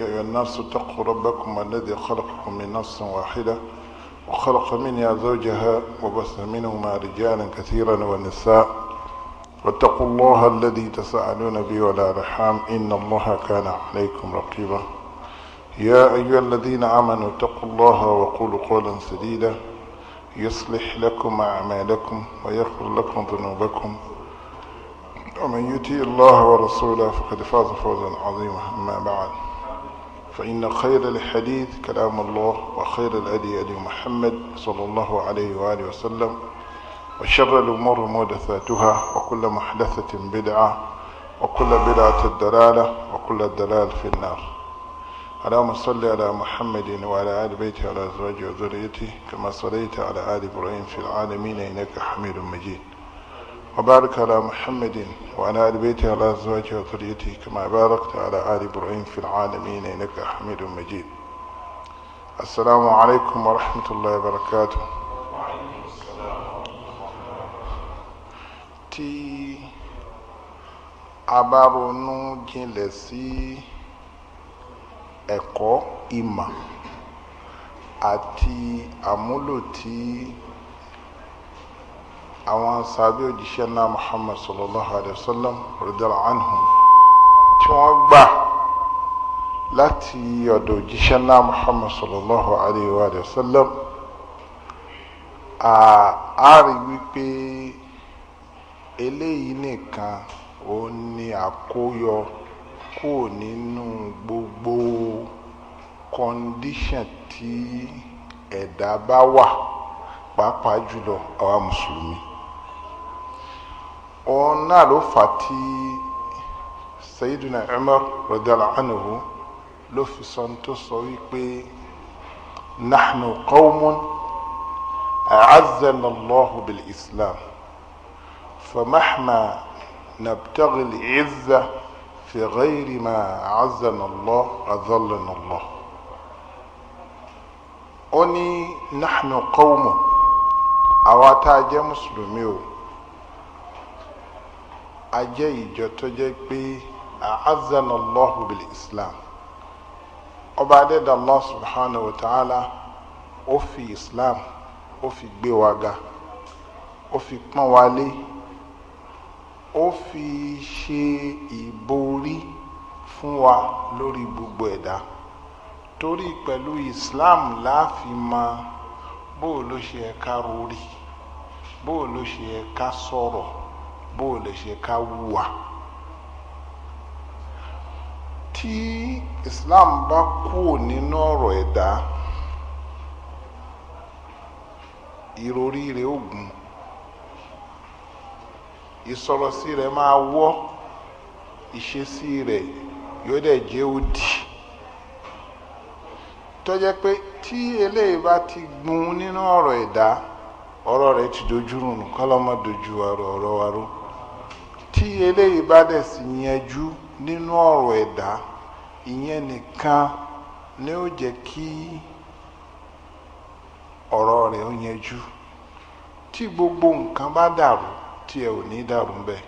يا أيها الناس اتقوا ربكم الذي خلقكم من نفس واحدة وخلق منها زوجها وبث منهما رجالا كثيرا ونساء واتقوا الله الذي تساءلون به ولا رحام إن الله كان عليكم رقيبا يا أيها الذين آمنوا اتقوا الله وقولوا قولا سديدا يصلح لكم أعمالكم ويغفر لكم ذنوبكم ومن يتي الله ورسوله فقد فاز فوزا عظيما أما بعد فإن خير الحديث كلام الله وخير الأدي أدي محمد صلى الله عليه وآله وسلم وشر الأمور محدثاتها وكل محدثة بدعة وكل بدعة الدلالة وكل الدلال في النار اللهم صل على محمد وعلى آل بيته وعلى أزواجه وذريته كما صليت على آل إبراهيم في العالمين إنك حميد مجيد وبارك على محمد وعلى آل بيته وعلى أزواجه وذريته كما باركت على آل إبراهيم في العالمين إنك حميد مجيد السلام عليكم ورحمة الله وبركاته تي a bá ronú jinlẹ̀ sí ẹ̀kọ́ ìmọ̀ àti àmúlò tí àwọn sàbí òjíṣẹ́ náà Muhammad sallallahu alayhi wa sallam rẹ̀dàlá anhum tí wọ́n gbà láti ọ̀dọ̀ òjíṣẹ́ náà Muhammad sallallahu alayhi wa sallam a rí wípé eléyìí nìkan ó ní àkóyọ kúrò nínú gbogbo kọndíṣàn tí ẹ̀dá bá wà pàápàá jùlọ àwa mùsùlùmí òun náà ló fà tí Sayyidina Umar radiyallahu anhu ló fi sọ tó sọ wípé nahnu qawmun a'azzana Allahu bil Islam famahma nabtaghi al-'izza fi ghayri ma a'azzana Allah adhallana Allah ó nahnu qawmun àwa tá a o. a jẹ́ ìjọ tó jẹ́ pé àázánà bil islam ọba adẹ́dà allah subhanahu wa ta'ala ó fi islam ó fi gbé wa ga ó fi pọ́n wa lé ó fi ṣe ìborí fún wa lórí gbogbo ẹ̀dá torí pẹ̀lú islam láàfin ma bó ló ṣe ẹ̀ka rori bó ló ṣe ẹ̀ka sọ̀rọ̀. bó o lè ṣe ká tí Islam bá kúrò nínú ọ̀rọ̀ ẹ̀dá ìrorí rẹ̀ ògùn ìsọ̀rọ̀sí rẹ̀ máa wọ́ ìṣesí rẹ̀ yóò dẹ̀ jẹ́ òdì tó jẹ́ pé tí eléyìí bá ti gbun nínú ọ̀rọ̀ ẹ̀dá ọ̀rọ̀ rẹ̀ ti dojú rùn kọ́lọ́mọ́ dojú ọ̀rọ̀ ọ̀rọ̀ wa rú. tí eléyìí bá dẹ̀ sì yanjú nínú ọ̀rọ̀ ẹ̀dá ìyẹn nìkan ni ó jẹ́ kí ọ̀rọ̀ rẹ̀ ó yanjú tí gbogbo nǹkan bá dàrú tí ẹ ò ní dàrú ń bẹ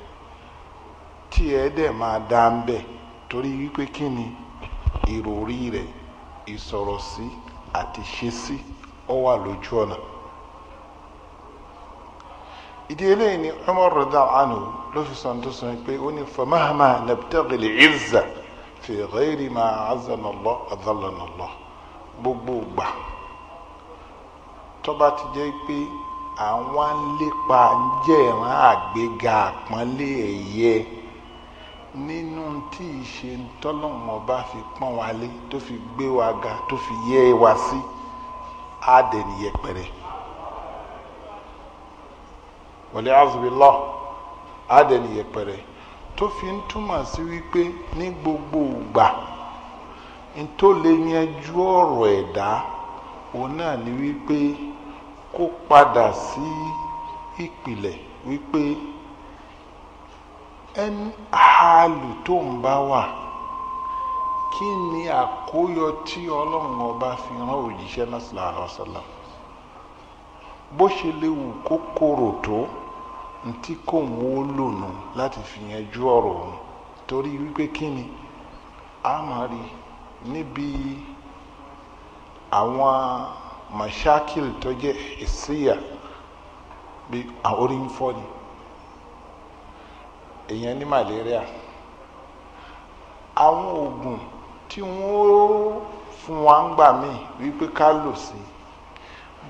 tí ẹ dẹ̀ máa dá ń bẹ torí wípé kí ni ìròrí rẹ̀ ìsọ̀rọ̀ sí àti ṣe sí ó wà lójú ọ̀nà. ìdí eléyìí ni Umar radha anhu ló fi sọ̀n tó sọ pé ó ní fa mahama nabtaghi al-izza fi ghayri ma azzana Allah adallana Allah gbogbo gbà tọ́ba ti jẹ́ pé àwọn lépa ń jẹ́ ìran àgbéga àpọ́nlé ẹ̀yẹ nínú tí ìṣe tọ́lọ́mọ bá fi pọ́n wa tó fi gbé wa ga tó fi yẹ́ wa sí àdẹ̀nìyẹpẹrẹ. Si wọlé azubila adẹni yẹpẹrẹ tó fi ń túmọ̀ sí wípé ní gbogbo ìgbà n tó lè yanjú ọ̀rọ̀ ẹ̀dá òun náà ni wípé kó padà sí ìpìlẹ̀ wípé ẹni àálù tó ń bá wà kí ni àkóyọ tí ọlọ́run ọba fi rán òjíṣẹ́ náà bó ntí kóun ó lò nù láti fi yanjú ọ̀rọ̀ òun torí wípé kí ni a máa rí níbi àwọn mashakil tó jẹ́ ìsíyà bí orí ń fọ́ ni èèyàn ní malaria àwọn oògùn tí wọ́n fún wa ń gbà míì wípé ká lò sí i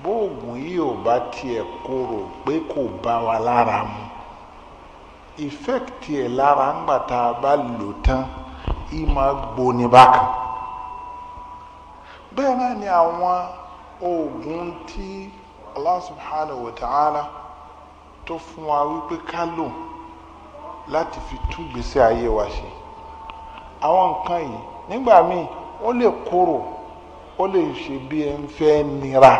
bóògùn yìí ò bá tiẹ̀ korò pé kò bá wa lára mu ìfẹ́kìtì ẹ̀ lára ńgbà tá a bá lò tán yìí máa gbóni bákan bẹ́ẹ̀ náà ni àwọn oògùn tí Allah subhanahu wa ta'ala tó fún wa wípé ká lò láti fi tún gbèsè ayé wa ṣe àwọn nǹkan yìí nígbà míì ó lè korò ó lè ṣe bí ẹ ń fẹ́ nira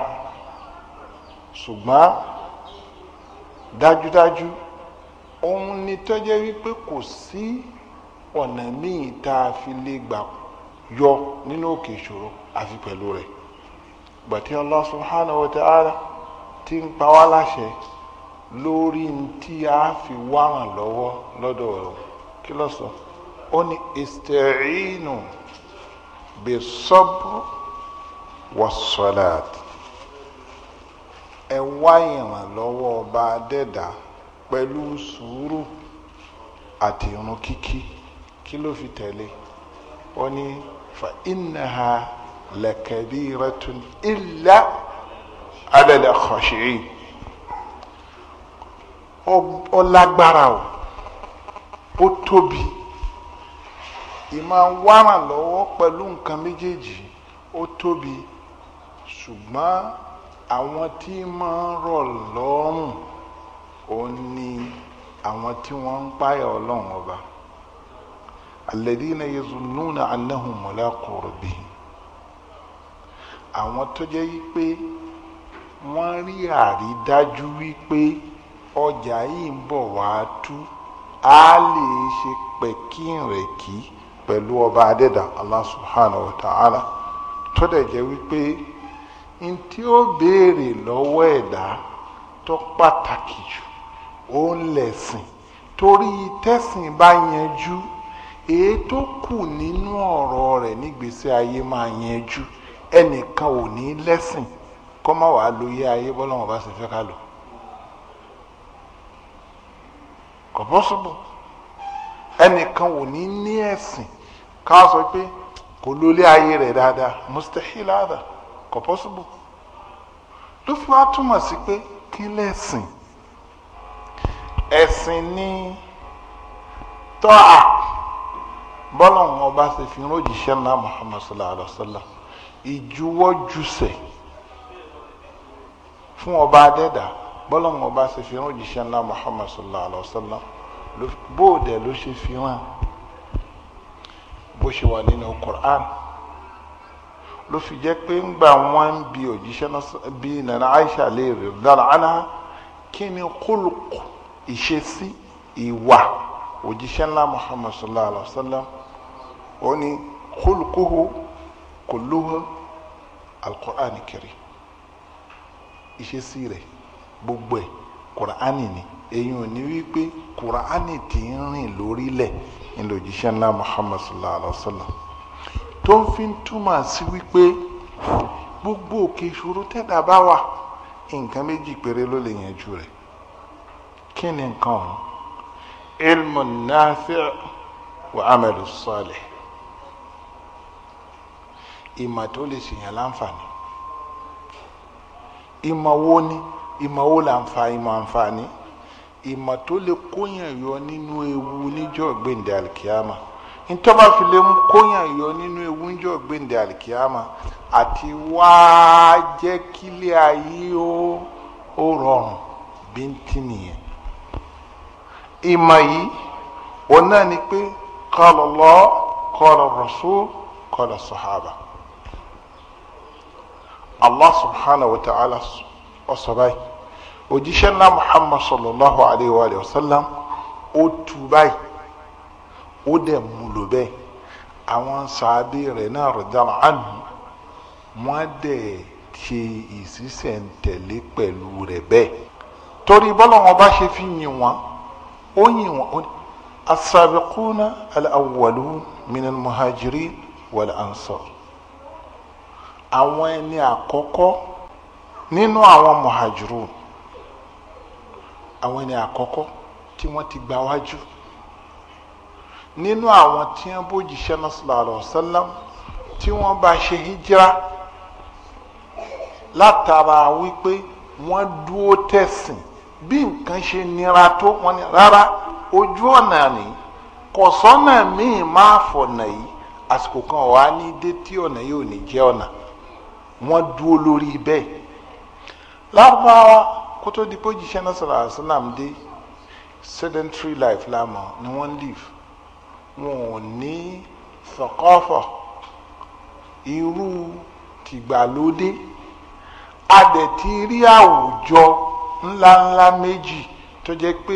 ṣùgbọ́n dájúdájú òun ni tó jẹ́ wípé kò sí ọ̀nà míì tá a fi lè gbà yọ nínú òkè ìṣòro àfi pẹ̀lú rẹ̀ gbàtí Allah subhanahu wa ta'ala ti ń pa wá láṣẹ lórí tí a fi wá lọ́wọ́ lọ́dọ̀ rẹ̀ kí ló sọ ó ní isti'inu bis-sabr was-salat ẹ wá ìrànlọ́wọ́ ọba adẹ́dà pẹ̀lú sùúrù àti irun kíkí kí ló fi tẹ̀lé ó ní fa innaha lakabiratun illa adada khashi'in ó lágbára o ó tóbi ìmọ̀ wárà lọ́wọ́ pẹ̀lú nǹkan méjèèjì ó tóbi ṣùgbọ́n. àwọn tí máa ń rọ̀ lọ́rùn òun ni àwọn tí wọ́n ń páyà ọlọ́run ọba alladhina yazunnuna annahum mulaqu rabbihim àwọn tó jẹ́ wípé wọ́n rí àrídájú wípé ọjà yìí ń bọ̀ wá tú á lè ṣe pẹ̀kínrẹ̀kí pẹ̀lú ọba adẹ́dà Allah subhanahu wa ta'ala tó dẹ̀ jẹ́ wípé. n tí ó béèrè lọ́wọ́ ẹ̀dá tó pàtàkì jù òun lẹ̀sìn torí tẹ̀sìn bá yanjú èyí tó kù nínú ọ̀rọ̀ rẹ̀ nígbèsè ayé máa yanjú ẹnìkan ò ní lẹ́sìn kọ́ má wàá lo iye ayé bọ́lọ́wọ́n bá ṣe fẹ́ ká lò kò pọ́sibù ẹnìkan ò ní ní ẹ̀sìn ká sọ pé kò lólé ayé rẹ̀ dáadáa mustahil hada kò possible ló fi wá túmọ̀ sí pé kí lẹ́sìn ẹ̀sìn ni tọ́à bọ́lọ̀hún ọba ṣe fi rójìṣẹ́ náà Muhammad sallallahu alayhi wa sallam ìjuwọ́júṣẹ̀ fún ọba adẹ́dà bọ́lọ̀hún ọba ṣe fi rójìṣẹ́ náà Muhammad sallallahu alayhi wa sallam bóòdẹ̀ ló ṣe fi hàn bó ṣe wà nínú Qur'an ló fi jẹ́ pé ń gbà wọ́n ń bi òjíṣẹ́ náà bí nana Aisha lè rí dára ana kí ni kólùkù ìṣesí ìwà òjíṣẹ́ ńlá Muhammad sallallahu alaihi wa sallam ó ní kólùkùhù kòlóhù alqur'an karim ìṣesí rẹ̀ gbogbo ẹ̀ kùránì ni èyí ò ní wípé kùránì ti ń rìn lórílẹ̀ ńlọ òjíṣẹ́ ńlá Muhammad sallallahu alaihi wa sallam tó ń fi túmọ̀ sí wípé gbogbo òkè ìṣòro tẹ́dà bá wà nǹkan méjì péré ló lè yanjú rẹ̀ kí ni nǹkan ọ̀hún ilmu nafi' wa amalu salih ìmọ̀ tó lè ṣèyàn láǹfààní ìmọ̀ wo ni ìmọ̀ wo làǹfà ìmọ̀ àǹfààní ìmọ̀ tó lè kóyàn yọ nínú ewu níjọ́ gbẹ̀ǹdẹ̀ alikiyama ntọ́ba file mú kóyàn yọ nínú ewu ń jọ gbẹ̀ndẹ̀ àlìkíyàmà àti wáá jẹ́ kílẹ̀ ayé ó ó rọrùn bí ń tì nìyẹn. ìmọ̀ yìí òun náà ni pé qala Allah qala Rasul qala Sahaba. Allah subhanahu wa ta'ala ọ̀sọ̀ báyìí òjíṣẹ́ ńlá Muhammad sallallahu alayhi wa sallam ó tu báyìí ó dẹ̀ mú lò bẹ́ẹ̀ àwọn sàábì rẹ̀ náà rọ̀dàlá ànú wọ́n dẹ̀ ṣe ìsísẹ̀ntẹ̀lé pẹ̀lú rẹ̀ bẹ́ẹ̀ torí bọ́lọ́wọ́n bá ṣe fi yìn wọ́n ó yìn wọ́n as-sabiquna al-awwalun min al-muhajirin àwọn ẹni àkọ́kọ́ nínú àwọn muhajirun àwọn ẹni àkọ́kọ́ tí wọ́n ti gbáwájú nínú àwọn tí wọ́n bójìṣẹ́ náà sọ̀rọ̀ sẹ́lẹ̀m tí wọ́n bá ṣe hijira látara wípé wọ́n dúró tẹ̀sìn bí nǹkan ṣe nira tó wọ́n ní rárá ojú ọ̀nà ni kò sọ́nà míì máa fọ̀nà yìí àsìkò kan wà ní dé tí ọ̀nà yìí ò ní jẹ́ ọ̀nà wọ́n dúró lórí bẹ́ẹ̀ lárúbáwá kó tó di náà sọ̀rọ̀ àṣìláàmù dé sedentary life lámọ̀ ni wọ́n live wọn ò ní sọ̀kọ́fọ̀ irú tìgbàlódé a dẹ̀ ti rí àwùjọ ńláńlá méjì tó jẹ́ pé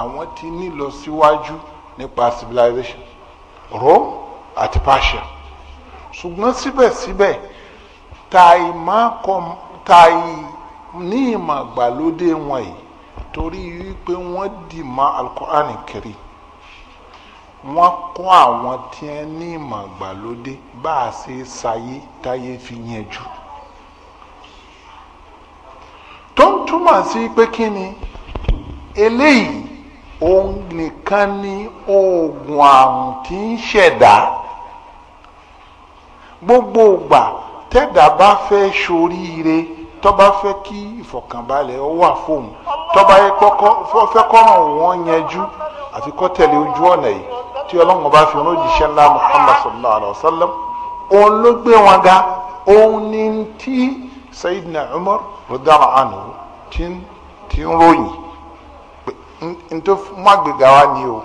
àwọn ti nílọ síwájú nípa civilization Rome àti Persia ṣùgbọ́n síbẹ̀síbẹ̀ ta ì ní ìmọ̀ àgbàlódé wọn yìí torí wípé wọ́n dì mọ́ Al-Qur'an wọ́n kọ́ àwọn tí wọ́n ní ìmọ̀ ìgbàlódé bá a ṣe ṣayé táyé fi yẹn jù tó ń túmọ̀ sí pé kí ni eléyìí òun nìkan ni oògùn àrùn tí ń ṣẹ̀dá gbogbo ìgbà tẹ́dà bá fẹ́ ṣoríire tó bá fẹ́ kí ìfọ̀kànbalẹ̀ ó wà fóun tó yẹ kọ́kọ́ fẹ́ kọ́ràn wọn yẹjú àfi kó tẹ̀lé ojú ọ̀nà yìí tí ọlọ́run bá fi wọn jíṣẹ́ ńlá muhammad sallallahu alayhi wa sallam òun ló gbé wọn ga òun ni tí sayidina umar rudara anu ti ti ń ròyìn n tó mágbèga wa ni o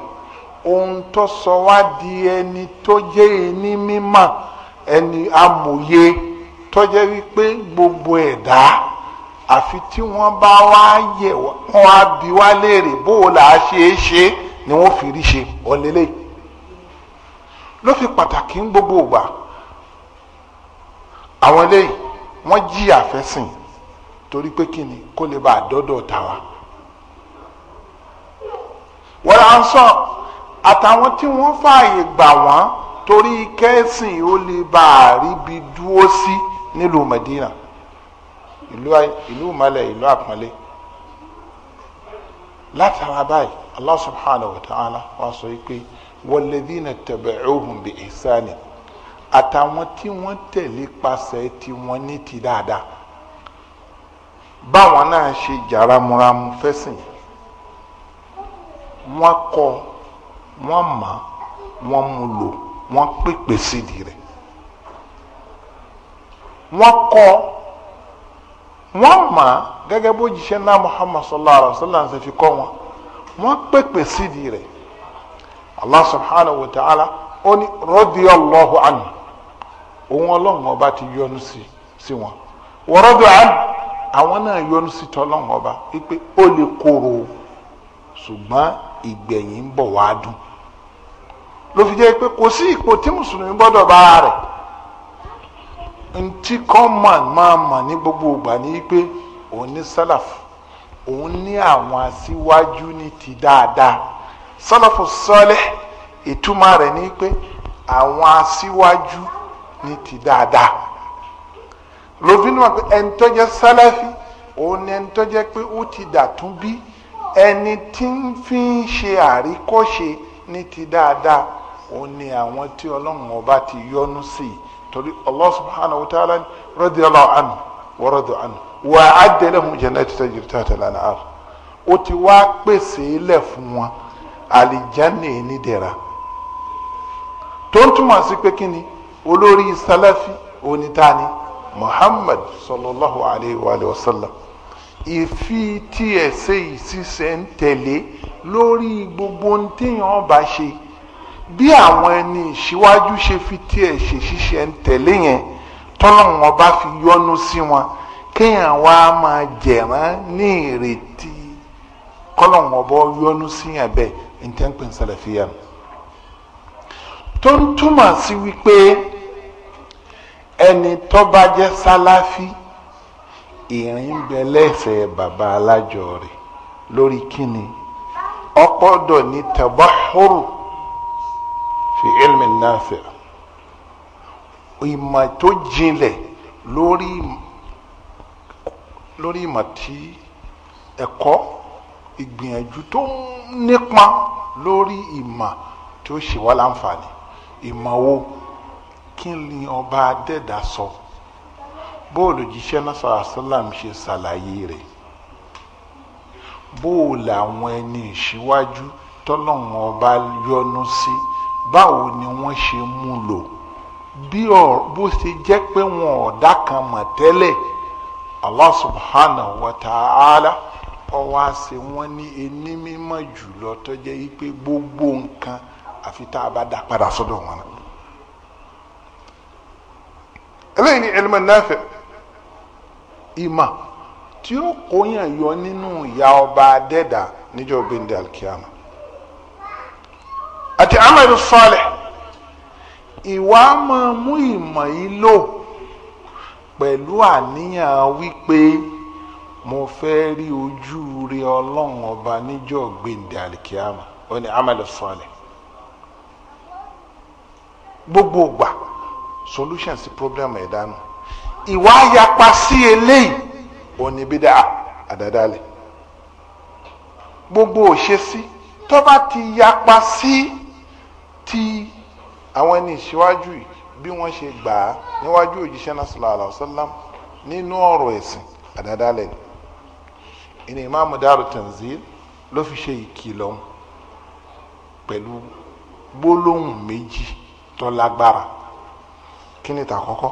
ohun tó sọ wá di ẹni tó jẹ́ ẹni mímọ́ ẹni amòye tó jẹ́ wípé gbogbo ẹ̀dá àfi tí wọ́n bá wá yẹ̀ wọ́n á bi wá léèrè bó o là á ṣe é ṣe ni wọ́n fi rí ṣe ọ̀lẹ́lẹ́yìí ló fi pàtàkì ń gbogbo ògbà àwọn eléyìí wọ́n jí àfẹ́sìn torí pé kí ni kó lè bá àdọ́dọ̀ tàwa wọ́n á sọ àtàwọn tí wọ́n fààyè gbà wọ́n torí kẹ́sìn ó lè bá àríbi dúró sí nílùú Medina ìlú ìmọ̀lẹ̀ ìlú àpọ́nlé látara báyìí Allah subhanahu wa ta'ala wá sọ yìí pé. والذين taba'uhum bi ihsani àtàwọn tí wọ́n tẹ̀lé pasẹ̀ tí wọ́n ní ti dáadáa báwọn náà ṣe jà ramúramú fẹ́sìn wọ́n kọ́ wọ́n mọ̀ wọ́n mú lò wọ́n pèpè sídìí rẹ̀ wọ́n kọ́ wọ́n mọ̀ gẹ́gẹ́ bó jíṣẹ́ náà Muhammad sallallahu alaihi wa sallam ṣe fi kọ́ wọn wọ́n pèpè sídìí rẹ̀. allah subhanahu wa ta'ala ó ní radiyallahu anhu òun ọlọ́run ọba ti yọ́nú sí sí wọn wọ́rọ́dù àánú àwọn náà yọ́nú sí tọ́lọ́run ọba wípé ó lè kóró ṣùgbọ́n ìgbẹ̀yìn ń bọ̀ wá dùn ló fi jẹ́ pé kò sí ipò tí mùsùlùmí gbọ́dọ̀ bá ara rẹ̀ ntí kọ́mọ̀n máa mọ̀ ní gbogbo ìgbà ni pé òun ní sálàf sálàfù sọ́lẹ̀ ìtumọ̀ rẹ̀ ni pé àwọn aṣíwájú ní ti dáadáa lófin ni wọn pé ẹni tó jẹ́ sálàfì òun ni ẹni tó jẹ́ pé ó ti dàtún bí ẹni tí ń fi ṣe àríkọ́ṣe ní ti dáadáa òun ni àwọn tí ọlọ́run ọba ti yọ́nú sí i torí Allah subhanahu wa ta'ala radiyallahu anhu wa radu anhu wa adda lahum jannati tajri tahtaha al-anhar ó ti wá pèsè ilẹ̀ fún wọn àlìjánnà nídẹ̀ra tó ń túmọ̀ sí pé kí ni olórí muhammad sallallahu alaihi wa Ifi ìfi tí ẹ ṣe ìṣiṣẹ́ ń tẹ̀lé lórí gbogbo ohun téèyàn bá ṣe bí àwọn ẹni ìṣíwájú ṣe fi tí ẹ ṣe ṣiṣẹ́ ń tẹ̀lé yẹn tọ́nà wọn bá fi yọ́nú sí wọn kéèyàn wá máa jẹ̀rán ní ìrètí kọ́lọ̀ wọn bọ́ yọ́nú sí yẹn bẹ́ẹ̀ ntẹ́ǹpẹ̀ nsàlàfíà tó ń túmọ̀ sí wípé ẹni tó bá jẹ́ sálàfí ìrìn bẹ lẹ́sẹ̀ bàbá alájọ rẹ̀ lórí kíni ọpọ́dọ̀ ní tabahuru fi ilmi nasir ìmọ̀ tó jinlẹ̀ lórí ìmọ̀ tí ẹ̀kọ́ ìgbìyànjú tó nípa lórí ìmọ̀ tí ó ṣe wá láǹfààní ìmọ̀ wo kí ni ọba adẹ́dà sọ bóòlù jíṣẹ́ náà sọ̀rọ̀ sálàm ṣe ṣàlàyé rẹ̀ bóòlù àwọn ẹni ìṣíwájú tọ́lọ́run ọba yọ́nú sí báwo ni wọ́n ṣe mú lò bí bó ṣe jẹ́ pé wọn ọ̀dà kan mọ̀ tẹ́lẹ̀ Allah subhanahu wa ta'ala ọwọ́ àṣẹ wọn ní ẹni mímọ́ jùlọ tó jẹ́ wípé gbogbo nǹkan àfi tá a bá dá padà sọ́dọ̀ wọn náà eléyìí ni ẹlẹ́mọ̀ náfẹ̀ ìmọ̀ tí ó kóyàn yọ nínú ìyà ọba adẹ́dà níjọ́ gbẹ̀ndẹ̀ alkiyama àti amadu sọlẹ̀ ìwà máa mú ìmọ̀ yìí lò pẹ̀lú àníyàn wípé mo fẹ́ rí ojú rí ọlọ́run ọba níjọ́ gbẹ̀ndẹ̀ alikiyama ó ní amẹ́lẹ̀ sọ́ọ̀lẹ̀ gbogbo ògbà solution sí problem ẹ̀dá nù ìwà ayapa sí eléyìí ó ní bídà àdádálẹ̀ gbogbo òṣèṣí tó bá ti yapa sí ti àwọn ẹni ìṣíwájú yìí bí wọ́n ṣe gbà á níwájú òjíṣẹ́ náà sallallahu alaihi wasallam nínú ọ̀rọ̀ ẹ̀sìn àdádálẹ̀ ni ìní ìmáàmù Daaru Tanzil ló fi ṣe ìkìlọ̀ pẹ̀lú gbólóhùn méjì tó lágbára kí ni tàkọ́kọ́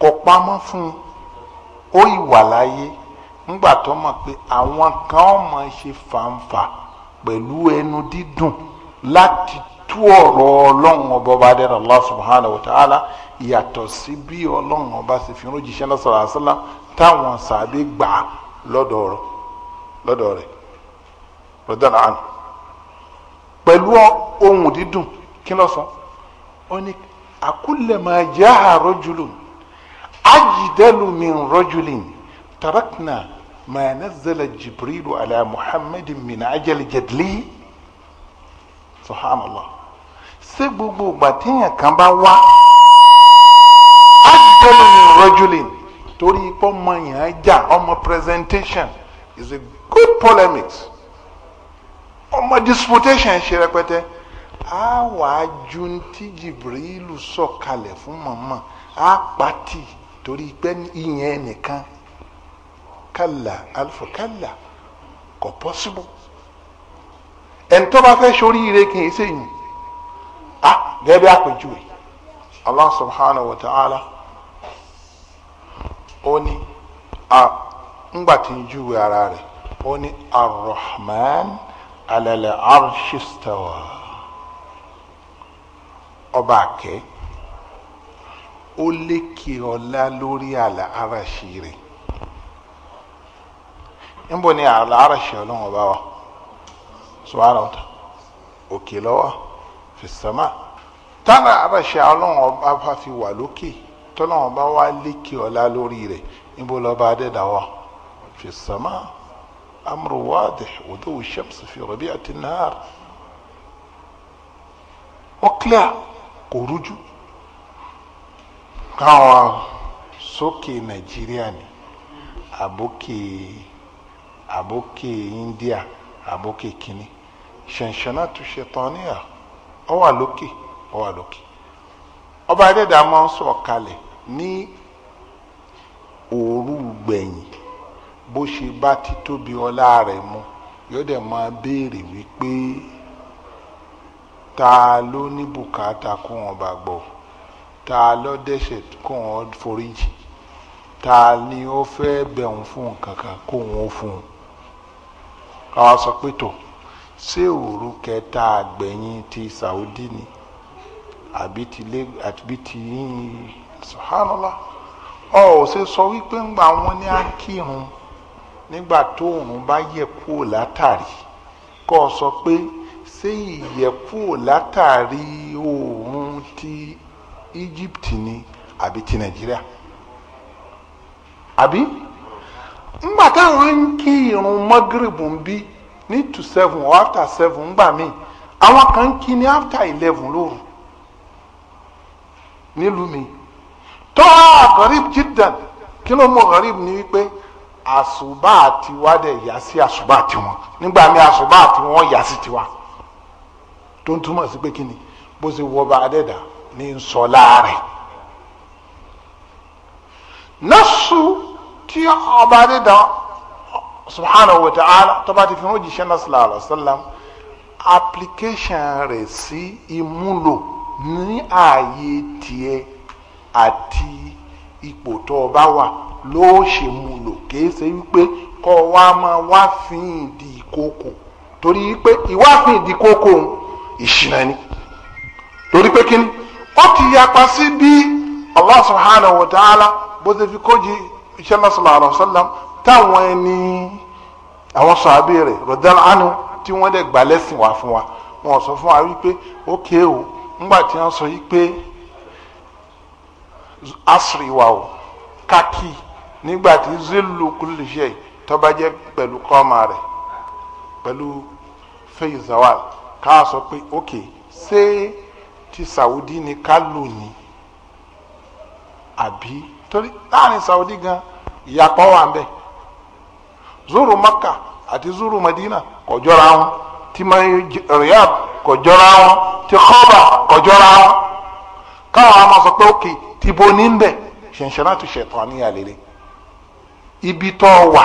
kò pamọ́ fún ó ìwà láyé ńgbà tó mọ̀ pé àwọn kan ọmọ ṣe fàǹfà pẹ̀lú ẹnu dídùn láti tú ọ̀rọ̀ ọlọ́run ọba ọba dẹ́rẹ́ Allah subhanahu wa ta'ala yàtọ̀ sí bí ọlọ́run ọba ṣe fi ń rojíṣẹ́ náà sallallahu alaihi wasallam táwọn sàbẹ̀ gbà á lọ́dọ̀ lọ́dọ̀ rẹ̀ rọdàlá àná pẹ̀lú ohun dídùn kí ló sọ ó ní àkúlẹ̀mọ̀ ajá àrọ́jùlù ajídẹ́lu min rọ́jùlìn tarakna ma nazala jibrilu ala muhammadin min ajali jadli subhanallah ṣé gbogbo ìgbà kan bá wá ajídẹ́lu min rọ́jùlìn torí pé ọmọ yẹn jà ọmọ presentation is a good polemics ọmọ disputation ṣe rẹpẹtẹ a wàá ju ti Jibrilu sọ̀kalẹ̀ fún mọ̀mọ́ a pàtì torí pé ìyẹn nìkan kàlà alfa kàlà kò possible ẹ̀ńtọ́ bá fẹ́ sórí ire kì í sèyìn a ah, gẹ́gẹ́ bí àpèjúwe Allah subhanahu wa ta'ala. oni a ngbati ju ara re oni ar-rahman ala al-arsh istawa oba ke o le ki ola lori ala arash re nbo ni ala arash olon oba wa so ara ta o ki lo fi sama tana arash olon oba fa fi wa tọ́lọ́wọ́n bá wá lékè ọ̀la lórí rẹ̀ níbo lọ́ba adẹ́dà wa fi sàmà amru wadih wudu shams fi rabi'ati nahar ó clear kò rújú káwọn sókè nàìjíríà ni àbókè àbókè india àbókè kínní ṣànṣànà tó ṣe tán níyà ọ wà lókè ọ wà lókè ọba adẹ́dàá máa ń sọ̀ kalẹ̀ ní òru gbẹ̀yìn bó ṣe bá ti tóbi ọlá rẹ̀ mu yóò dẹ̀ máa béèrè wípé ta ló ní bùkátà kó wọn bá gbọ́ ta ló dẹ́ṣẹ̀ kó wọn foríjì ta ni ó fẹ́ bẹ̀rùn fún kankan kó wọn fún un káwa sọ pé tó ṣé òru kẹta àgbẹ̀yìn ti Saudi ni àbí ti yín subhanallah ọ ò ṣe sọ wípé ńgbà wọn ní à ń kírun nígbà tó òun bá yẹ kúrò látàrí kó o sọ pé ṣé ìyẹ̀kúrò látàrí òun ti Egypt ni àbí ti Nàìjíríà àbí ńgbà táwọn ń kí irun mọ́gìrìbù ń bí ní two seven or after seven ńgbà míì àwọn kan ń kí ní after eleven lóru nílùú mi tọ́wọ́ gharib jiddan kí ló mọ gharib ni wípé àṣùbà tiwa dẹ̀ yà sí àṣùbà tiwọn nígbà mi àṣùbà tiwọn yà sí tiwa tó ń túmọ̀ sí pé kí ni bó ṣe wọ bá adẹ́dà ní sọ láàrin nọ́ọ̀sù tí ọba adẹ́dà subhanahu wa ala tọ́ba ti fi hàn jíṣẹ́ náà sallallahu alaihi application rẹ̀ sí ìmúlò ní ààyè tiẹ̀. àti ipò tó o wà ló ṣe mú wa máa wá fín ìdí torí pé ìwáfín ìdí ìkókò ìṣìnà ni torí pé kíni ó ti yapa sí bí Allah subhanahu wa ta'ala bó ṣe fi kóji iṣẹ́ náà sallallahu alaihi wasallam táwọn ẹni àwọn sàbí rẹ̀ rọ̀dẹ́lá ánú tí wọ́n dẹ̀ wá fún wa wọn sọ fún wa wípé ókè o ńgbà tí wọ́n sọ asiri wa o kaki nígbàtí zilu kulli shay tó bá jẹ́ pẹ̀lú kọ́ọ̀mà rẹ̀ pẹ̀lú fẹ́yì zawal ká sọ pé ok ṣé ti Saudi ni ká lò ní àbí torí láàrin Saudi gan ìyàpọ̀ wà ń bẹ̀ zuru Makka ati zuru Madina kò jọra wọn ti Riyadh kò jọra wọn ti Khawbar kò jọra wọn káwọn a máa ok. ti boni nbɛ sɛnsɛn ati sɛtɔn ni yalele ibi tɔ wa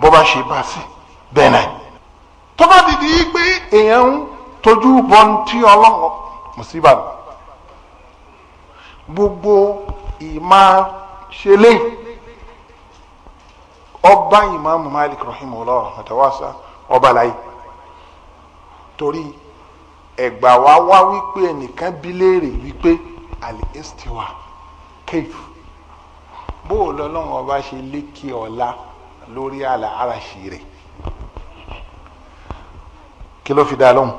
sheba si ba si bɛnɛ tɔba didi gbe eyan tɔju bɔnti ɔlɔngɔ musiba gbogbo ima sele ɔba ima mumali kurohim ɔlɔrɔ ɔtɛwasa ɔbalayi torí ɛgbà wa wá wípé ɛnìkan bilére wípé. al-istiwa kayf bó o lọ́lọ́run ọba ṣe lékè ọ̀la lórí àlà àràṣì rẹ̀ kí ló fi dá lóhùn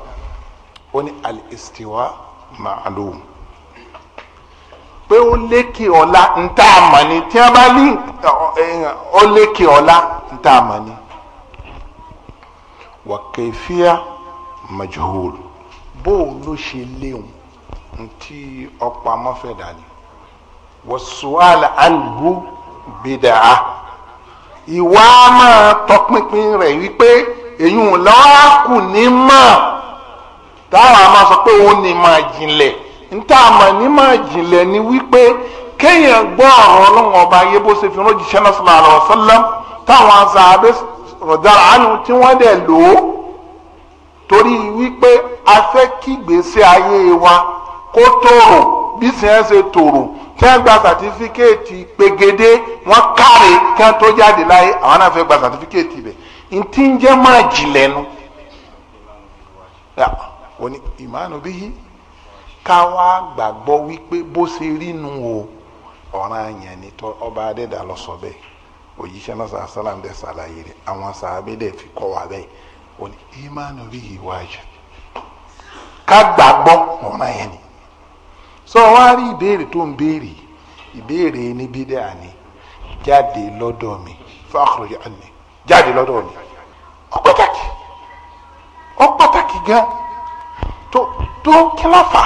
ó ní al-istiwa ma'lum pé ó lékè ọ̀la ntá àmọ́ tí wọ́n bá ní ó lékè ọ̀la ntá àmọ́ ni wa kayfiya majhul ló ṣe léhùn nti ọ̀pọ̀ amọ́fẹ́ dání wọ́sùwàlà ànbú bìdàá ìwà máa tọpinpin rẹ̀ wípé èyí ń ní mọ̀ táwọn a sọ pé òun ní máa jìnlẹ̀ níta ní máa ni wípé kéèyàn gbọ́ ọ̀rọ̀ ọlọ́run ọba ayé bó ṣe fi rán náà sọ̀rọ̀ àlọ́ sọ́lám táwọn azàbẹ́ rọ̀dà àánú tí wọ́n dẹ̀ lò ó torí wípé a fẹ́ kígbésí ayé wa kó tòrò bí sẹ́yìn ṣe tòrò tẹ́ gba sàtífíkẹ́ẹ̀tì pegede wọ́n káre kí wọ́n tó jáde láyé àwọn náà fẹ́ gba sàtífíkẹ́ẹ̀tì bẹ̀ ntí ń jẹ́ máa jìnlẹ̀ nu òní ìmánu bíyí ká wá gbàgbọ́ wípé bó ṣe rí nu o ọ̀ràn yẹn ni tọ́ ọba adẹ́dà lọ sọ bẹ́ẹ̀ òjíṣẹ́ náà sọ asálàm dẹ̀ ṣàlàyé rẹ̀ àwọn sàábé dẹ̀ fi kọ́ wa bẹ́ẹ̀ òní ìmánu bíyí wájú ká gbàgbọ́ ọ̀ràn yẹn ni sọ wá rí ìbéèrè tó ń béèrè ìbéèrè níbí dáa ni jáde lọ́dọ̀ mi fáàkùrọ̀ yà ni jáde lọ́dọ̀ mi ó pàtàkì ó pàtàkì gan tó tó kíláfà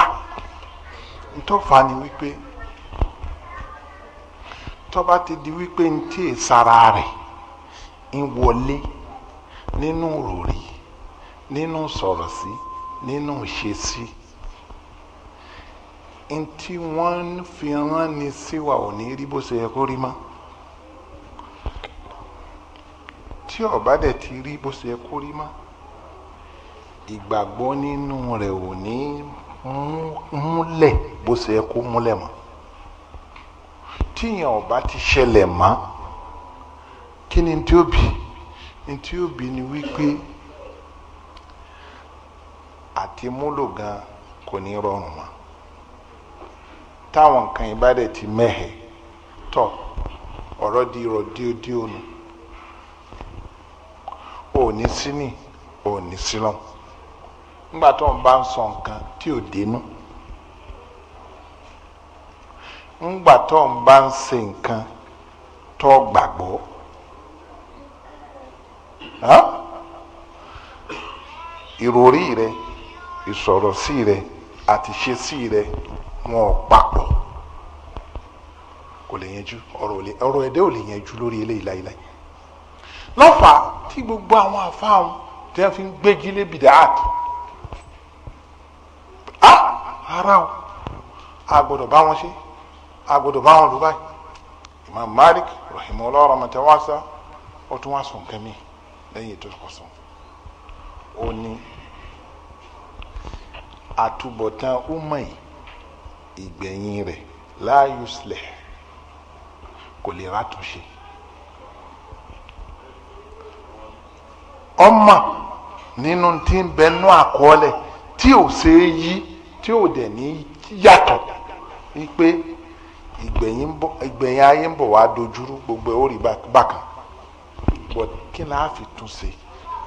ntọ́fà ni wípé tọ́ba ti di wípé ń tí ì sara rẹ̀ ń wọlé nínú ròrí nínú sọ̀rọ̀ sí nínú ṣe sí. Si ntí wọ́n fi rán ni sí wa ò ní rí bó ṣe yẹ kó rí mọ́ tí ọba dẹ̀ ti rí bó ṣe yẹ kó rí mọ́ ìgbàgbọ́ nínú rẹ̀ ò ní múlẹ̀ bó ṣe yẹ kó múlẹ̀ mọ́ tíyàn ọba ti ṣẹlẹ̀ mọ́ kí ni tí ó bì tí ó bì ni wípé àti múlò gan kò ní rọrùn mọ́ táwọn nǹkan yìí bá dẹ̀ ti mẹ́hẹ̀ tọ̀ ọ̀rọ̀ di irọ́ díodíò nù òní sí ni òní sí lọ nígbà tó ń bá ń sọ nǹkan tí ò dénú nígbà tó ń bá ń ṣe nǹkan tó gbàgbọ́ ìròrí rẹ ìsọ̀rọ̀ sí rẹ àti sí rẹ wọn ò papọ̀ kò lè yanjú ọ̀rọ̀ òlè ọ̀rọ̀ ẹ̀dẹ́ ò lè yanjú lórí eléyìí láíláí lọ́fà tí gbogbo àwọn afáwọn tí wọ́n fi ń gbégi lébi dáàt á ara o a gbọ́dọ̀ bá wọn ṣe a gbọ́dọ̀ bá wọn lù báyìí Imam Malik rahimahullah rahmatan wasa ó tún wá sùn kẹ́mi lẹ́yìn ètò ìkọ̀sùn ó ní àtúbọ̀tán ó mọ̀ yìí ìgbẹ̀yìn rẹ̀ la yuslih kò lè rátúnṣe ọmọ nínú tí ń bẹnu àkọọ́lẹ̀ tí ò ṣeé yí tí ò dẹ̀ ní yàtọ̀ wípé ìgbẹ̀yìn ayé ń bọ̀ wá dojúrú gbogbo ẹ̀ ó rí bákan but kí ni a fi tún ṣe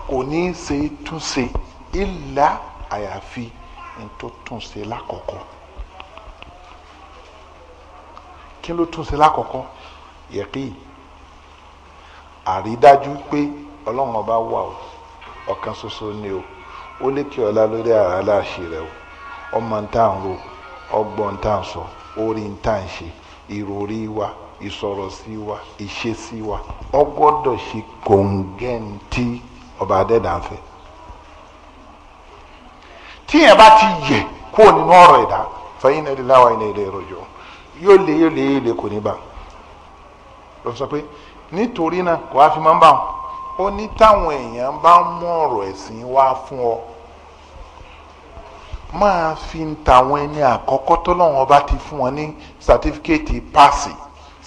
kò ní í ṣe tún ṣe ìlà àyàfi ní tó tún ṣe lákọ̀ọ́kọ́. kí ló tún ṣe lákọ̀ọ́kọ́ yẹ̀kí àrídájú pé ọlọ́run ọba wà o ọ̀kan ṣoṣo ni o ó lékè ọlá lórí ara aláṣẹ rẹ o ọmọ ń tà ń ro ọgbọ́n ń tà ń sọ orí ń tà ń ṣe ìròrí wa ìsọ̀rọ̀ sí wa ìṣe sí wa ọgbọ́dọ̀ ṣe kòǹgẹ́ǹtì ọba adẹ́dàfẹ́ tíyẹn bá ti yẹ kúrò nínú ọ̀rọ̀ ẹ̀dá fẹ́yìn náà lè láwa ilẹ̀ ìrọ̀jọ́ yóò lé yóò lé yóò lé kò ní bá lọ sọ pé nítorí náà kò wá fi máa ń bá wọn ó ní táwọn èèyàn bá mú ọ̀rọ̀ ẹ̀sìn wá fún ọ máa fi ń tàwọn ẹni àkọ́kọ́ tó lọ́wọ́n bá ti fún wọn ní sàtífíkẹ́ẹ̀tì paasi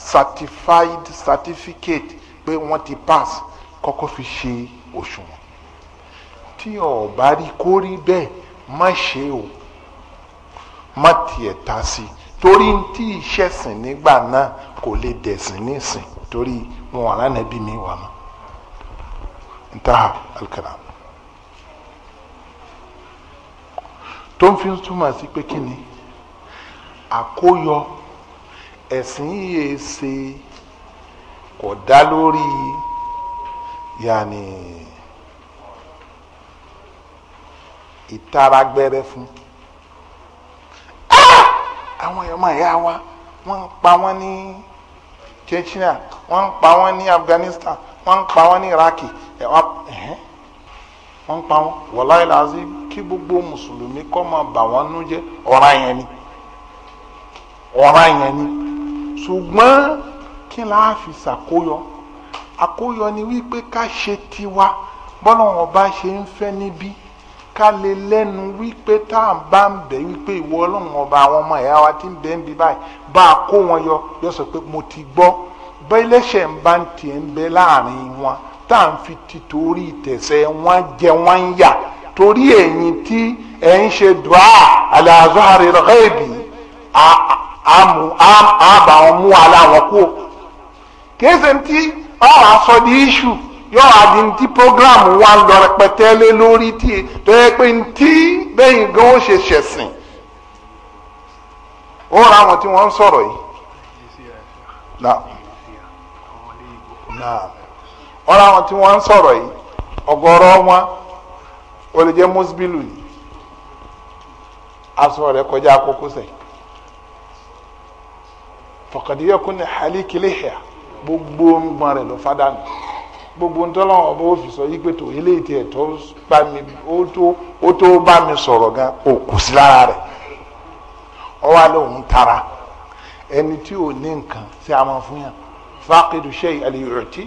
certified certificate pé wọ́n ti pass kọ́kọ́ fi ṣe òṣùwọ̀n tí o bá rí kórí bẹ́ẹ̀ má ṣe o má tiẹ̀ ta sí i torí tí ìṣẹ̀sìn nígbà náà kò lè dẹ̀sìn nísìn torí wọn wà lánàá bí mi wà mọ́ ntaha alkara tó ń fi túmọ̀ sí pé kí ni àkóyọ ẹ̀sìn yìí ṣe kò dá lórí yàní ìtara gbẹrẹ fún àwọn ọmọ ìyá wa wọ́n ń pa wọ́n ní Chechnya wọ́n ń pa wọ́n ní Afghanistan wọ́n ń pa wọ́n ní Iraki wọ́n ń pa wọ́n wọ́láyé làásì kí gbogbo mùsùlùmí kọ́ máa bà wọ́n nú jẹ́ ọ̀ràn yẹn ni ọ̀ràn yẹn ni ṣùgbọ́n kí la fi ṣàkóyọ àkóyọ ni wípé ká ṣe tiwa bọ́lá bá ṣe ń fẹ́ níbí kálẹ̀ lẹ́nu wípé tá à ń bá ń bẹ̀ wípé ìwọ ọlọ́run ọba àwọn ọmọ ẹ̀yà wa ti ń bẹ̀ ń bí báyìí bá a kó wọn yọ yọ sọ pé mo ti gbọ́ bẹ́lẹ́sẹ̀ ń bá ń tiẹ̀ ń bẹ láàrin wọn tá à ń fi tìtorí tẹ̀sẹ̀ wọn jẹ wọn ń yà torí ẹ̀yin tí ẹ̀ ń ṣe dùá àlàzọ́hárì rẹ́ẹ̀bì àbà mú aláwọ̀ kú kí ẹsẹ̀ ń tí ọ̀rọ̀ àsọdí iṣu. yóò adi ntí program wa lọ rẹpẹtẹ lé lórí tí tó yẹ pé ntí bẹ́yìn gan ó ṣe ṣẹ̀sìn ó ra àwọn na na ó ra àwọn tí wọ́n ń sọ̀rọ̀ yìí wọn ó lè musbilu ni aṣọ kọjá fọkàdíyẹ kún ní gbogbo ń gbọn ló gbogbo ń tọ́lọ́ ọba ó fi sọ yí pé tó eléyìí tiẹ̀ tó bá mi ó tó bá mi sọ̀rọ̀ gan ó kù sí lára rẹ̀ ọwọ́ alẹ́ òun tara ẹni tí ò ní nǹkan sí a fún yàn fáqidu shay aliyuti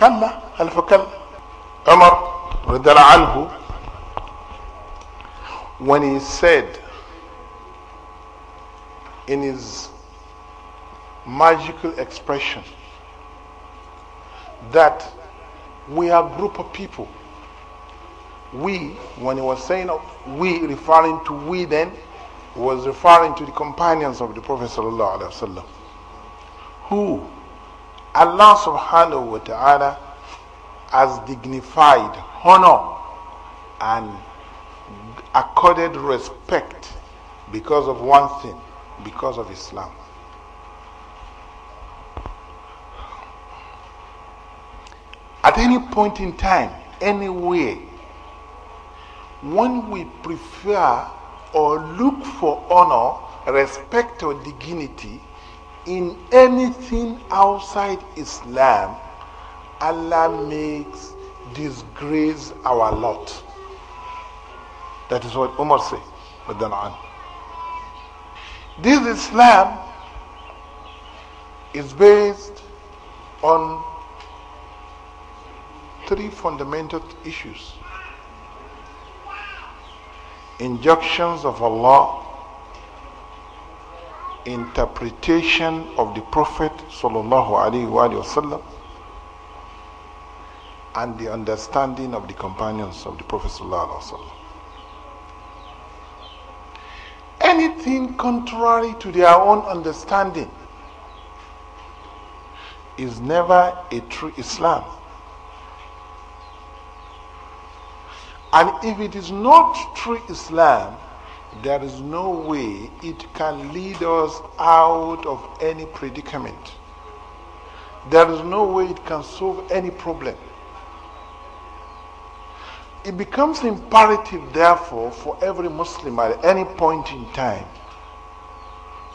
kalla alifakalla Umar radiyallahu anhu when he said in his magical expression that we are a group of people. We, when he was saying we, referring to we then, was referring to the companions of the Prophet ﷺ, who Allah subhanahu wa ta'ala has dignified honor and accorded respect because of one thing, because of Islam. At any point in time, anywhere, when we prefer or look for honor, respect, or dignity in anything outside Islam, Allah makes disgrace our lot. That is what Umar said. This Islam is based on three fundamental issues injunctions of Allah, interpretation of the Prophet wasallam, and the understanding of the companions of the Prophet. Anything contrary to their own understanding is never a true Islam. And if it is not true Islam, there is no way it can lead us out of any predicament. There is no way it can solve any problem. It becomes imperative, therefore, for every Muslim at any point in time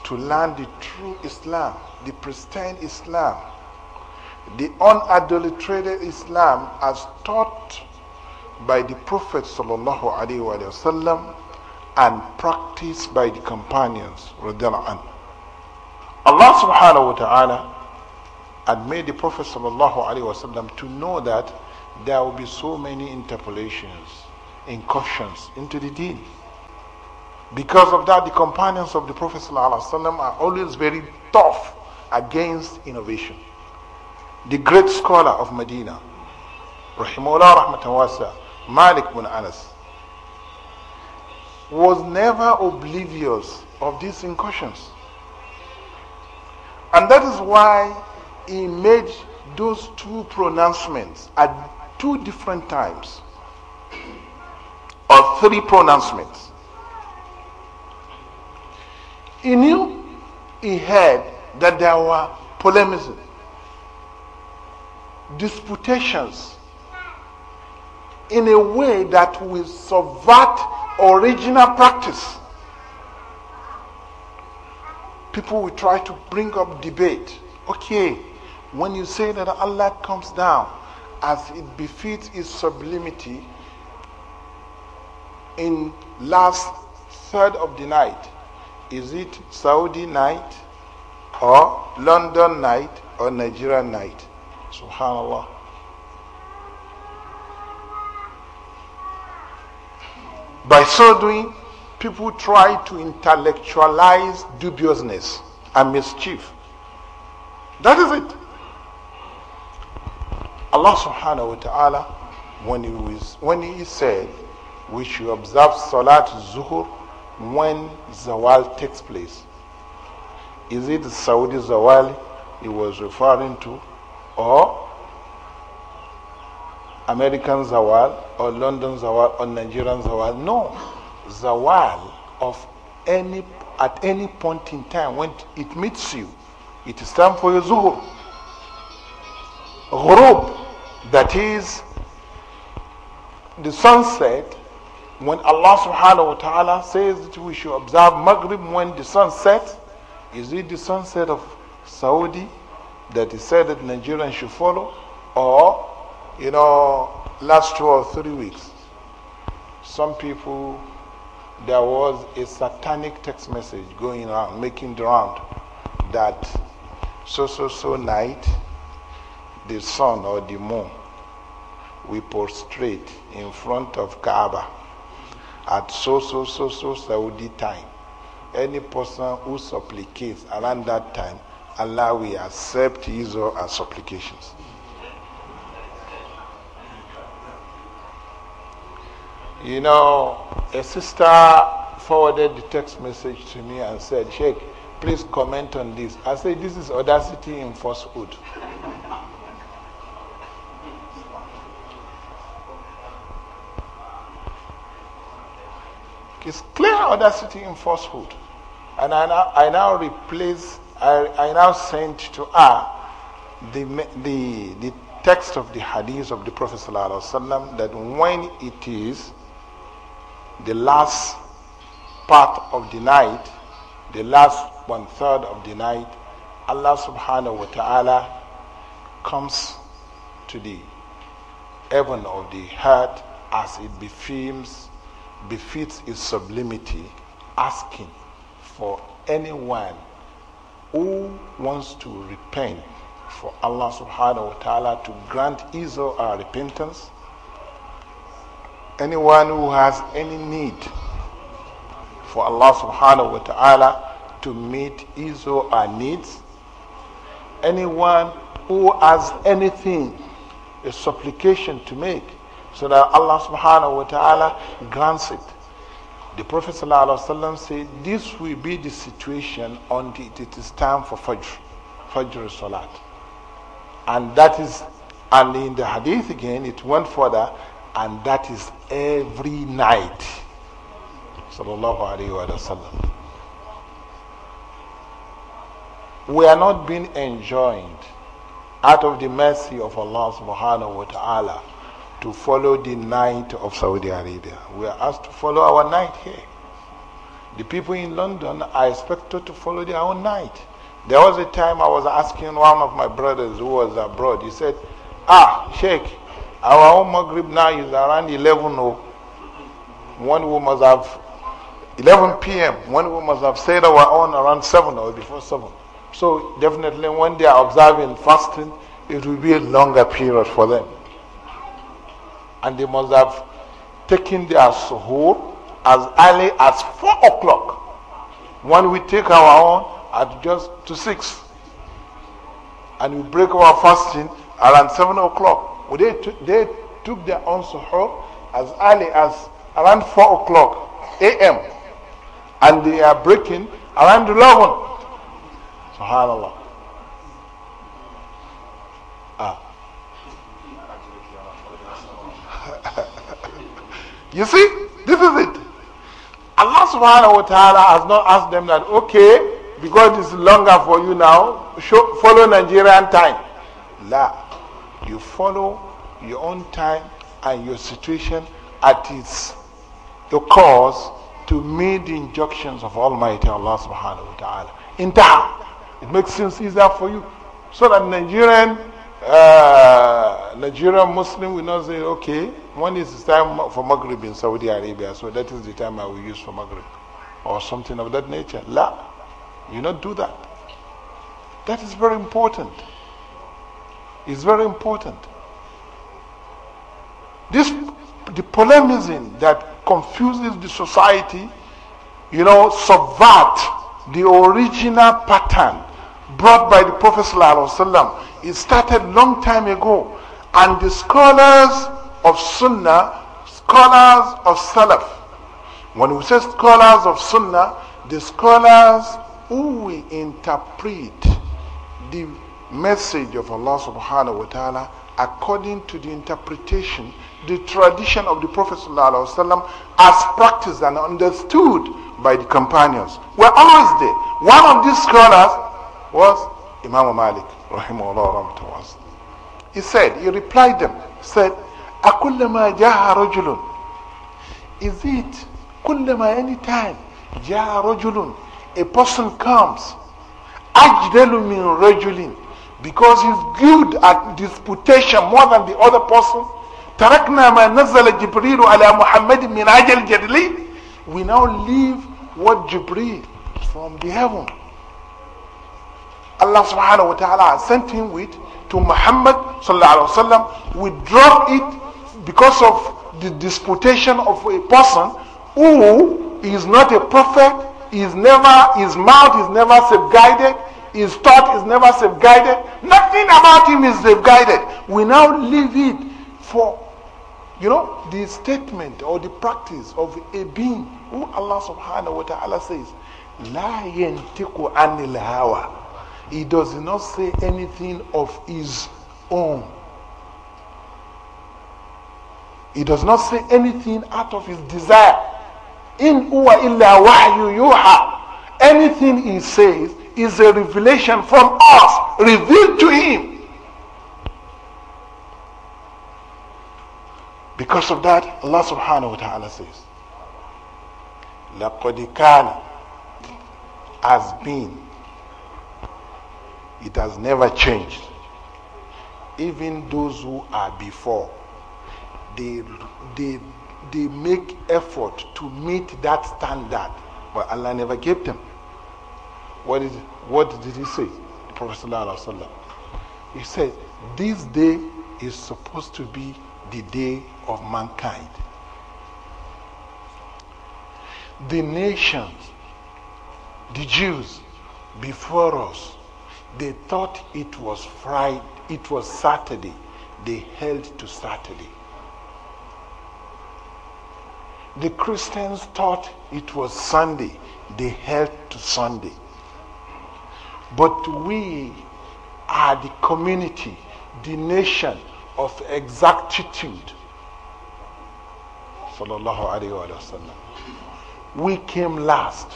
to learn the true Islam, the pristine Islam, the unadulterated Islam as taught by the Prophet wasallam and practiced by the companions. Allah subhanahu wa ta'ala had made the Prophet wasallam to know that there will be so many interpolations, incursions into the deen. Because of that, the companions of the Prophet ﷺ are always very tough against innovation. The great scholar of Medina, Rahimullah Rahmatan Wasa, Malik bin Anas, was never oblivious of these incursions. And that is why he made those two pronouncements at two different times, or three pronouncements. He knew, he heard that there were polemicism, disputations in a way that will subvert original practice. People will try to bring up debate. Okay, when you say that Allah comes down as it befits his sublimity in last third of the night, is it Saudi night or London night or Nigerian night? Subhanallah. By so doing, people try to intellectualize dubiousness and mischief. That is it. Allah subhanahu wa ta'ala, when he, was, when he said we should observe Salat Zuhur when Zawal takes place, is it Saudi Zawal he was referring to or American Zawal? or London Zawal or Nigerian Zawal. No. Zawal of any at any point in time when it meets you, it is time for your zuhur. Ghurub, that is the sunset, when Allah subhanahu wa ta'ala says that we should observe Maghrib when the sun sets, is it the sunset of Saudi that he said that Nigerians should follow? Or, you know, last two or three weeks, some people, there was a satanic text message going around, making the round that so, so, so night, the sun or the moon we prostrate in front of Kaaba at so, so, so, so Saudi time. Any person who supplicates around that time, Allah will accept his or her supplications. You know, a sister forwarded the text message to me and said, Sheikh, please comment on this. I said, This is audacity in falsehood. It's clear audacity in falsehood. And I now, I now replace, I, I now send to her the, the, the text of the hadith of the Prophet that when it is the last part of the night, the last one third of the night, Allah subhanahu wa ta'ala comes to the heaven of the heart as it befits, befits its sublimity, asking for anyone who wants to repent for Allah subhanahu wa ta'ala to grant his or her repentance anyone who has any need for Allah subhanahu wa ta'ala to meet his or her needs, anyone who has anything, a supplication to make, so that Allah subhanahu wa ta'ala grants it. The Prophet said, This will be the situation until it is time for Fajr, Fajr Salat. And that is, and in the hadith again, it went further and that is every night. Sallallahu Alaihi Wasallam. We are not being enjoined out of the mercy of Allah subhanahu wa ta'ala to follow the night of Saudi Arabia. We are asked to follow our night here. The people in London are expected to follow their own night. There was a time I was asking one of my brothers who was abroad, he said, Ah, Sheikh, our own Maghrib now is around 11 or oh. one we must have 11 p.m. One we must have said our own around 7 or before 7. So definitely when they are observing fasting, it will be a longer period for them. And they must have taken their suhoor as early as 4 o'clock. When we take our own at just to 6. And we break our fasting around 7 o'clock. Well, they, they took their own suhoor as early as around 4 o'clock a.m. And they are breaking around 11. SubhanAllah. Ah. you see, this is it. Allah subhanahu wa ta'ala has not asked them that, okay, because it's longer for you now, show, follow Nigerian time. La. You follow your own time and your situation at its the cause to meet the injunctions of Almighty Allah subhanahu wa ta'ala. In time, it makes things easier for you. So that Nigerian uh, Nigerian Muslim will not say, okay, when is the time for Maghrib in Saudi Arabia, so that is the time I will use for Maghrib. Or something of that nature. La. You not do that. That is very important is very important. This, the polemism that confuses the society, you know, subvert the original pattern brought by the Prophet ﷺ. It started long time ago, and the scholars of Sunnah, scholars of Salaf. When we say scholars of Sunnah, the scholars who we interpret the message of Allah subhanahu wa ta'ala according to the interpretation, the tradition of the Prophet Wasallam, as practiced and understood by the companions. We're always there. One of these scholars was Imam Malik. He said, he replied them, said, أَكُلَّمَا جَاءَ رَجُلٌ Is it, كُلَّمَا any time, جَاءَ A person comes, أَجْدَلُ min rajulin." because he's good at disputation more than the other person. تركنا ما نزل جبريل على محمد من عجل we now leave what Jibreel from the heaven Allah subhanahu wa ta'ala sent him with to Muhammad sallallahu alaihi wasallam we drop it because of the disputation of a person who is not a prophet is never his mouth is never guided. His thought is never safeguarded. Nothing about him is safeguarded. We now leave it for, you know, the statement or the practice of a being who Allah subhanahu wa ta'ala says, La yantiku anil hawa. He does not say anything of his own. He does not say anything out of his desire. In wa illa wahyu yuha. Anything he says is a revelation from us, revealed to him. Because of that, Allah subhanahu wa ta'ala says, لَقَدْ كَانَ has been. It has never changed. Even those who are before, they, they, they make effort to meet that standard, but Allah never gave them. What, is, what did he say? The Prophet He said, This day is supposed to be the day of mankind. The nations, the Jews before us, they thought it was Friday, it was Saturday. They held to Saturday. The Christians thought it was Sunday. They held to Sunday. But we are the community, the nation of exactitude. We came last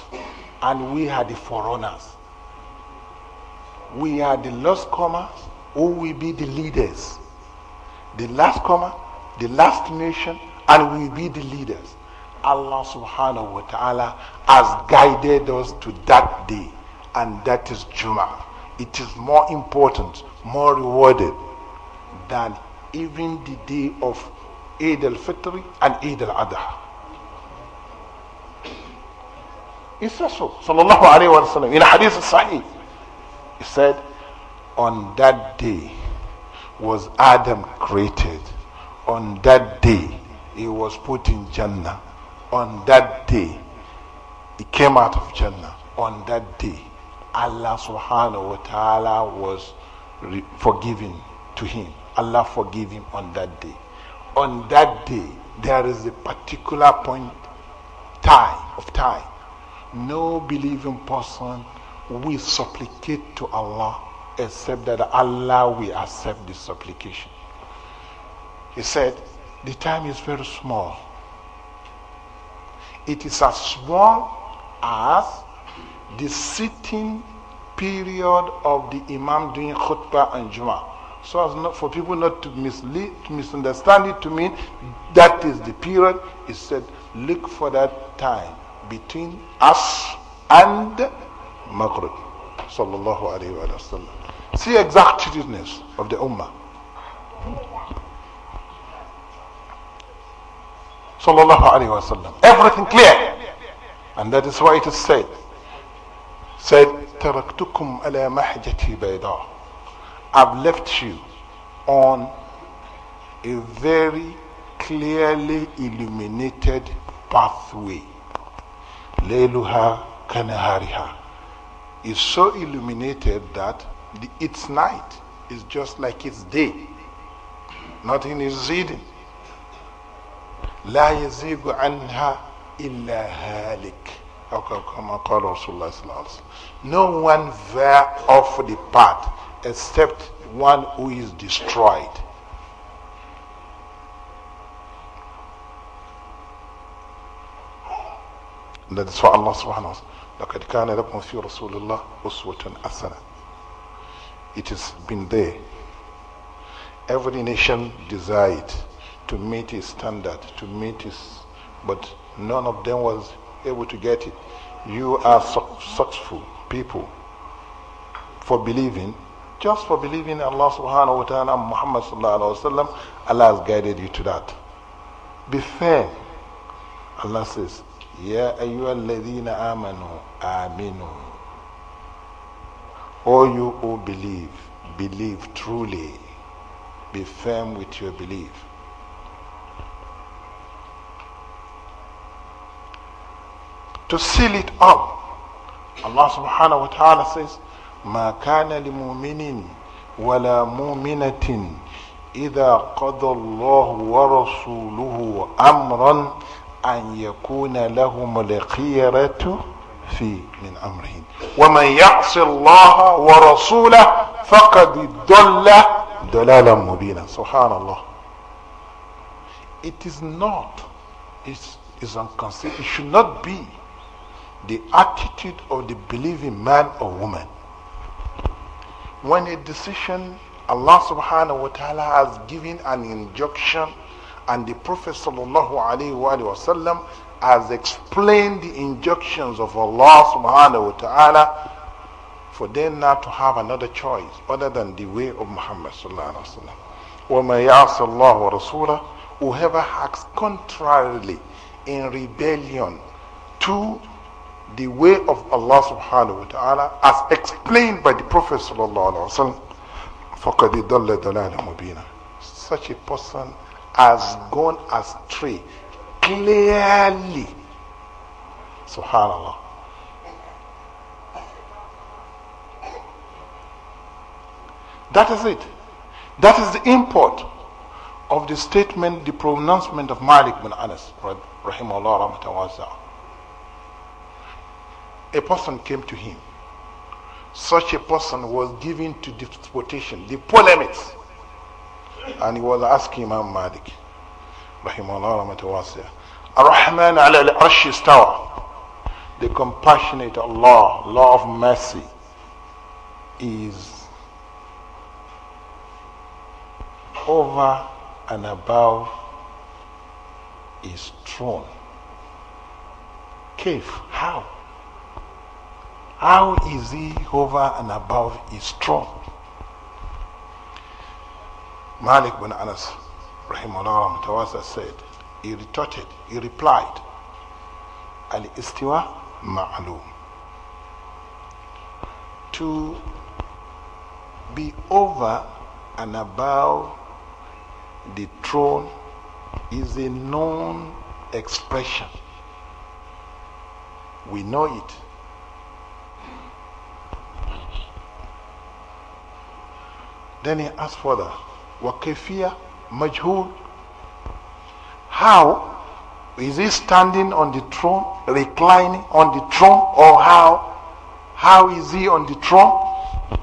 and we are the forerunners. We are the last comer who will be the leaders. The last comer, the last nation, and we will be the leaders. Allah subhanahu wa ta'ala has guided us to that day and that is Juma. It is more important, more rewarded than even the day of Eid al-Fitr and Eid al-Adha. It's so? sallallahu alayhi wa sallam in Hadith Sahih. He said, on that day was Adam created. On that day he was put in Jannah. On that day he came out of Jannah. On that day Allah subhanahu wa ta'ala was forgiving to him. Allah forgave him on that day. On that day, there is a particular point time of time. No believing person will supplicate to Allah except that Allah will accept the supplication. He said, the time is very small. It is as small as the sitting period of the imam doing khutbah and juma, So as not, for people not to, mislead, to misunderstand it to mean that is the period. It said, look for that time between us and Maghrib. Sallallahu alayhi wa sallam. See exactitudeness of the Ummah. Sallallahu alayhi wa sallam. Everything clear. And that is why it is said said, Taraktukum ala mahjati bayda. I've left you on a very clearly illuminated pathway. Leluha kanahariha is so illuminated that the, its night is just like its day. Nothing is hidden. La يزيغ anha illa halik. No one veer off the path except one who is destroyed. That is why Allah سبحانه wa ta'ala لقد كان لكم في رسول الله أسوة حسنة It has been there. Every nation desired to meet his standard, to meet his, but none of them was able to get it. You are successful people for believing, just for believing Allah subhanahu wa ta'ala Muhammad sallallahu alayhi wa sallam, Allah has guided you to that. Be fair. Allah says, Ya ayyuhal ladhina amanu, aminu. O you who believe, believe truly. Be firm with your belief. to seal it up. Allah subhanahu wa ta'ala says, ما كان لمؤمن ولا مؤمنة إذا قضى الله ورسوله أمرا أن يكون لهم الخيرة في من أمرهم ومن يعص الله ورسوله فقد ضل ضلالا مبينا سبحان الله It is not, it's, it's inconceivable, it should not be the attitude of the believing man or woman. When a decision Allah subhanahu wa ta'ala has given an injunction and the Prophet sallallahu alayhi wasallam has explained the injunctions of Allah subhanahu wa ta'ala for them not to have another choice other than the way of Muhammad sallallahu alayhi wa sallam. وَمَا يَعْصَ Wa وَرَسُولَهُ Whoever acts contrarily in rebellion to the way of Allah subhanahu wa ta'ala as explained by the Prophet sallallahu alaihi wasallam such a person has gone astray clearly subhanallah that is it that is the import of the statement the pronouncement of Malik bin Anas rahimahullah a person came to him. Such a person was given to disputation, the polemics. And he was asking Imam Malik, Rahimahullah Ar-Rahman ala al The compassionate Allah, law of mercy, is over and above his throne. Kif how? How is he over and above his throne? Malik bin Anas, rahimahullah, Mutawasa said, he retorted, he replied, Al-Istiwa Maalum. To be over and above the throne is a known expression. We know it. Then he asked further, Wakefia Majhul. How is he standing on the throne, reclining on the throne, or how? How is he on the throne?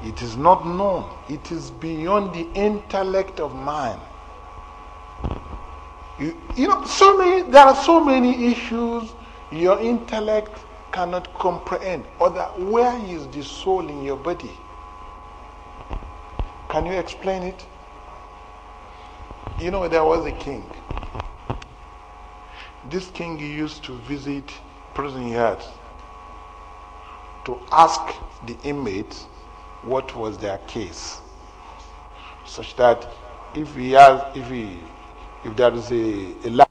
It is not known. It is beyond the intellect of man. You, you know, so many there are so many issues your intellect cannot comprehend. Or that where is the soul in your body? Can you explain it? You know, there was a king. This king used to visit prison yards to ask the inmates what was their case, such that if he has, if he, if there is a, a lack